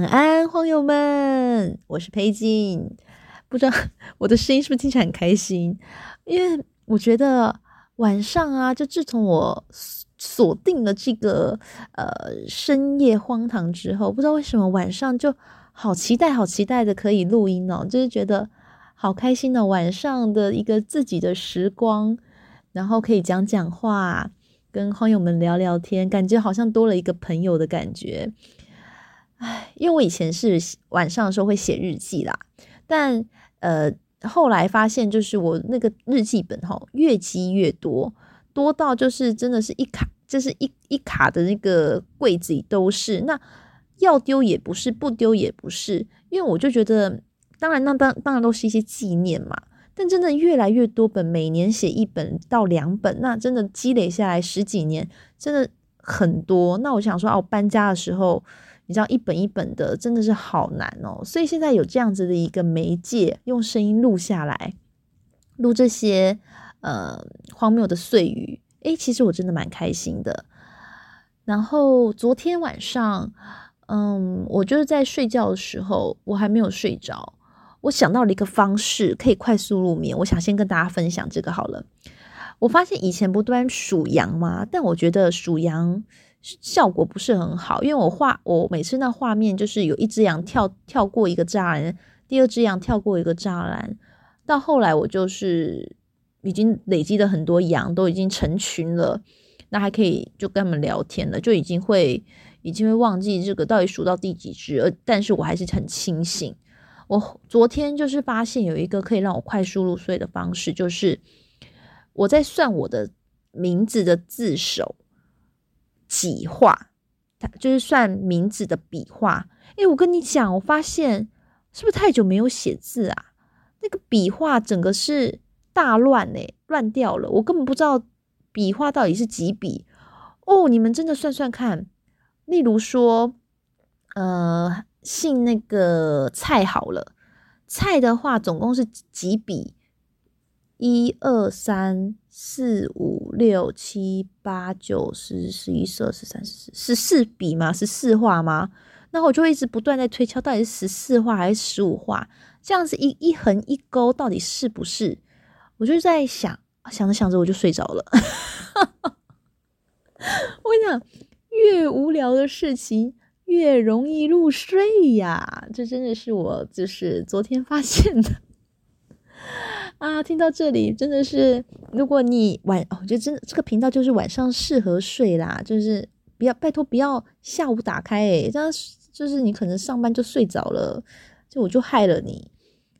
晚安，荒友們，我是佩金，不知道我的聲音是不是聽起來很開心？因為我覺得晚上啊，就自從我鎖定了這個呃深夜荒唐之後，不知道為什麼晚上就好期待、好期待的可以錄音哦，就是覺得好開心的、哦、晚上的一個自己的時光，然後可以講講話，跟荒友們聊聊天，感覺好像多了一個朋友的感覺。唉，因為我以前是晚上的時候會寫日記啦，但呃，後來發現就是我那個日記本吼，越積越多，多到就是真的是一卡，就是一一卡的那個櫃子裡都是。那要丟也不是，不丟也不是，因為我就覺得，當然那當當然都是一些紀念嘛，但真的越來越多本，每年寫一本到兩本，那真的積累下來十幾年，真的很多。那我想說，啊，我搬家的時候。你知道一本一本的真的是好難哦，所以現在有這樣子的一個媒介，用聲音錄下來，錄這些呃、嗯、荒謬的碎語，誒，其實我真的蠻開心的。然後昨天晚上，嗯，我就是在睡覺的時候，我還沒有睡着，我想到了一個方式可以快速入眠，我想先跟大家分享這個好了。我發現以前不都數羊嗎？但我覺得數羊，效果不是很好，因為我畫我每次那畫面就是有一只羊跳跳過一個柵欄，第二只羊跳過一個柵欄，到後來我就是已經累積的很多羊都已經成群了，那還可以就跟他們聊天了，就已經會已經會忘記這個到底數到第幾隻，而但是我還是很清醒。我昨天就是發現有一個可以讓我快速入睡的方式，就是我在算我的名字的字首幾畫，他就是算名字的筆畫。誒、欸、我跟你講，我發現是不是太久沒有寫字啊？那個筆畫整個是大亂哎、欸，亂掉了。我根本不知道筆畫到底是幾筆。哦，你們真的算算看，例如說，呃，姓那個蔡好了，蔡的話總共是幾筆？一二三。四五六七八九十十,十一十二十三十四十四筆嗎？十四畫嗎？然後我就會一直不斷在推敲，到底是十四畫還是十五畫？這樣子一一橫一勾，到底是不是？我就在想，想着想着我就睡着了。 我想，越無聊的事情越容易入睡呀、啊，這真的是我就是昨天發現的。啊，聽到這裡真的是，如果你晚哦，就真的這個頻道就是晚上適合睡啦，就是不要拜託不要下午打開誒、欸、這樣，就是你可能上班就睡着了，就我就害了你。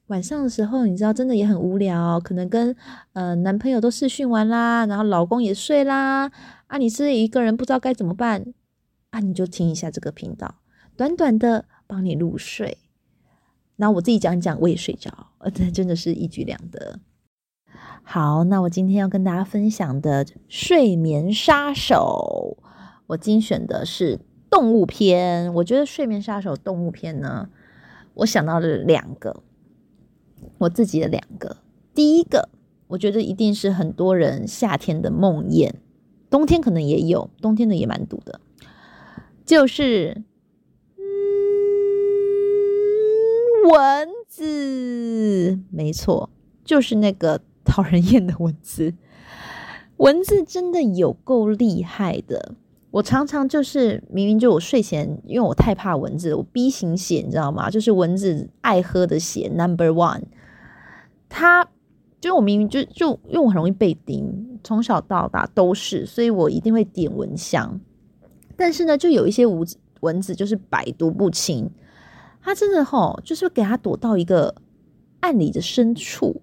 晚上的時候你知道真的也很無聊，可能跟呃男朋友都視訊完啦，然後老公也睡啦，啊你是，是一個人不知道該怎麼辦，啊你就聽一下這個頻道，短短的幫你入睡。那我自己講一講，我也睡着，真的是一舉兩得。好，那我今天要跟大家分享的睡眠殺手，我精選的是動物篇。我覺得睡眠殺手動物篇呢，我想到了兩個，我自己的兩個。第一個，我覺得一定是很多人夏天的夢魘，冬天可能也有，冬天的也蠻毒的，就是。蚊子，沒錯，就是那個討人厭的蚊子。蚊子真的有夠厲害的。我常常就是明明就我睡前，因為我太怕蚊子，我 B 型血，你知道嗎？就是蚊子愛喝的血，Number One。它就我明明就就因為我很容易被叮，從小到大都是，所以我一定會點蚊香。但是呢，就有一些蚊子，蚊子就是百毒不侵。他真的吼，就是給他躲到一個暗裡的深處，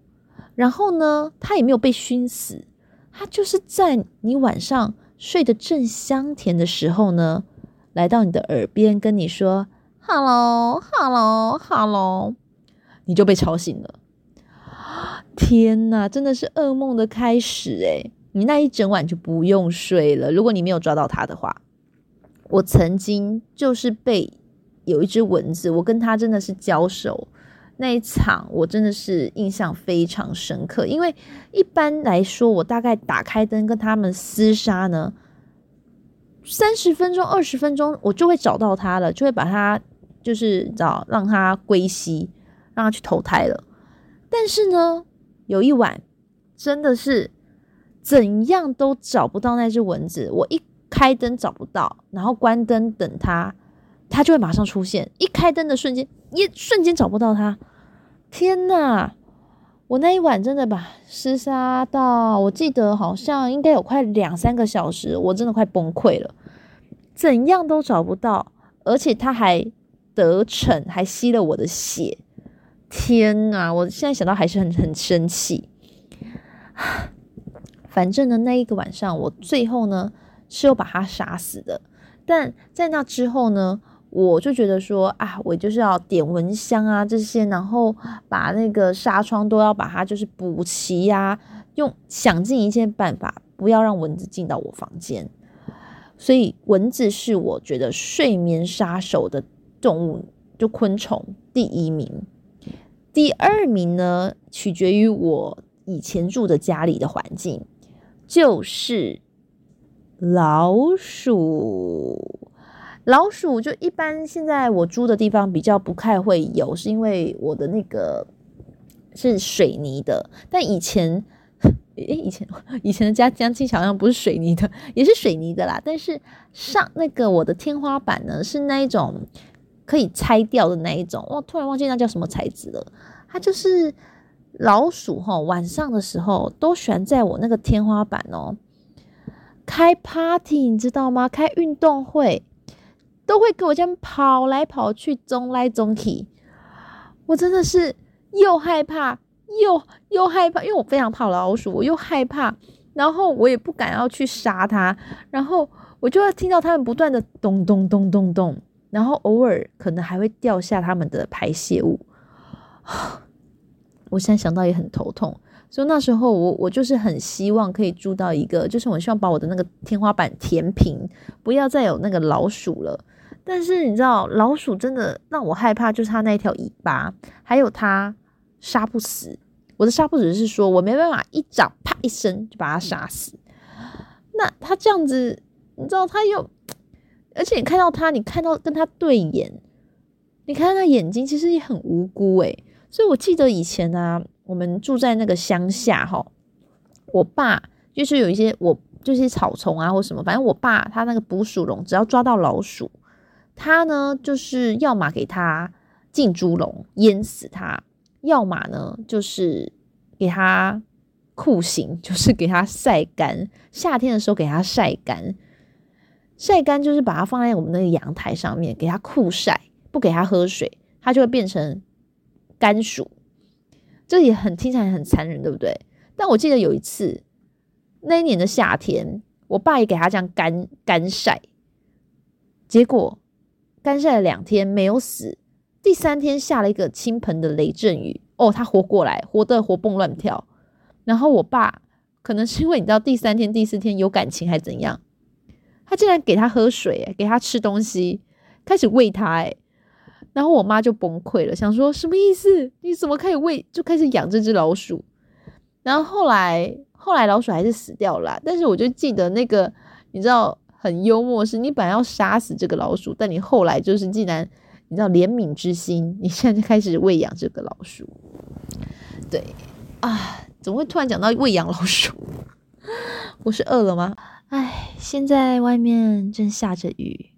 然後呢，他也沒有被熏死，他就是在你晚上睡得正香甜的時候呢，來到你的耳邊跟你說 “Hello, hello, hello”，你就被吵醒了。天哪，真的是噩夢的開始誒、欸，你那一整晚就不用睡了。如果你沒有抓到他的話，我曾經就是被。有一隻蚊子，我跟他真的是交手那一場，我真的是印象非常深刻。因為一般來說，我大概打開燈跟他們廝殺呢，三十分鐘、二十分鐘，我就會找到他了，就會把他就是找，讓他歸西，讓他去投胎了。但是呢，有一晚真的是怎樣都找不到那隻蚊子，我一開燈找不到，然後關燈等他。他就會馬上出現，一開燈的瞬間，一瞬間找不到他。天吶，我那一晚真的把廝殺到，我記得好像應該有快兩三個小時，我真的快崩潰了，怎樣都找不到，而且他還得逞，還吸了我的血。天吶，我現在想到還是很很生氣。反正呢，那一個晚上我最後呢是有把他殺死的，但在那之後呢。我就覺得說啊，我就是要點蚊香啊，這些，然後把那個紗窗都要把它就是補齊呀，用想盡一切辦法，不要讓蚊子進到我房間。所以蚊子是我覺得睡眠殺手的動物，就昆蟲第一名。第二名呢，取決於我以前住的家裡的環境，就是老鼠。老鼠就一般，現在我住的地方比較不太會有，是因為我的那個是水泥的。但以前，欸、以前以前的家家裡好像不是水泥的，也是水泥的啦。但是上那個我的天花板呢，是那一種可以拆掉的那一種。我突然忘記那叫什麼材質了。它就是老鼠吼，晚上的時候都喜歡在我那個天花板哦、喔、開 party，你知道嗎？開運動會。都會跟我這樣跑來跑去，衝來衝去，我真的是又害怕又又害怕，因為我非常怕老鼠，我又害怕，然後我也不敢要去殺它，然後我就要聽到它們不斷的咚咚咚咚咚咚，然後偶爾可能還會掉下它們的排泄物，我現在想到也很頭痛，所以那時候我我就是很希望可以住到一個，就是我希望把我的那個天花板填平，不要再有那個老鼠了。但是你知道，老鼠真的讓我害怕，就是它那條尾巴，還有它殺不死。我的殺不死是說我沒辦法一掌啪一聲就把它殺死。那它這樣子，你知道它又，而且你看到它，你看到跟它對眼，你看到它眼睛其實也很無辜誒、欸。所以我記得以前呢、啊，我們住在那個鄉下哈，我爸就是有一些我就是些草叢啊或什麼，反正我爸他那個捕鼠籠只要抓到老鼠。他呢，就是要麼給他浸豬籠淹死他，要麼呢就是給他酷刑，就是給他曬乾。夏天的時候給他曬乾，曬乾就是把它放在我們那個陽台上面，給他酷曬，不給他喝水，它就會變成乾鼠。這也很聽起來很殘忍，對不對？但我記得有一次，那一年的夏天，我爸也給他這樣乾乾曬，結果。乾曬了兩天沒有死，第三天下了一個傾盆的雷陣雨，哦，他活過來，活得活蹦亂跳。然後我爸可能是因為你知道第三天第四天有感情還怎樣，他竟然給它喝水、欸，給它吃東西，開始餵它哎、欸。然後我媽就崩潰了，想說什麼意思？你怎麼可以餵，就開始養這隻老鼠？然後後來後來老鼠還是死掉了，但是我就記得那個，你知道。很幽默，是你本來要殺死這個老鼠，但你後來就是，竟然你知道憐憫之心，你現在就開始餵養這個老鼠。對啊，怎麼會突然講到餵養老鼠？我是餓了嗎？哎，現在外面正下着雨，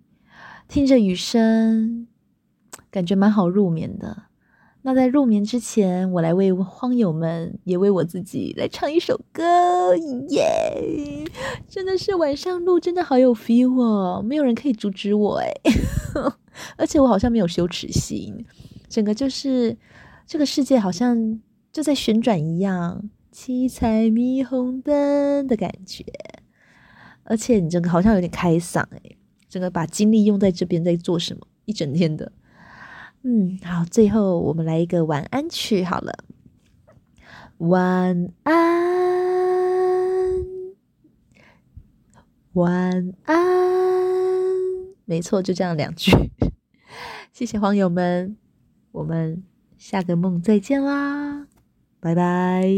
聽着雨聲，感覺蠻好入眠的。那在入眠之前，我來為荒友們，也為我自己來唱一首歌，耶、yeah！真的是晚上錄，真的好有 feel 哦，沒有人可以阻止我哎， 而且我好像沒有羞恥心，整個就是這個世界好像就在旋轉一樣，七彩霓虹燈的感覺。而且你這個好像有點開嗓哎，整個把精力用在這邊，在做什麼？一整天的。嗯，好，最後我們來一個晚安曲好了。晚安，晚安，沒錯，就這樣兩句。 謝謝網友們，我們下個夢再見啦，拜拜。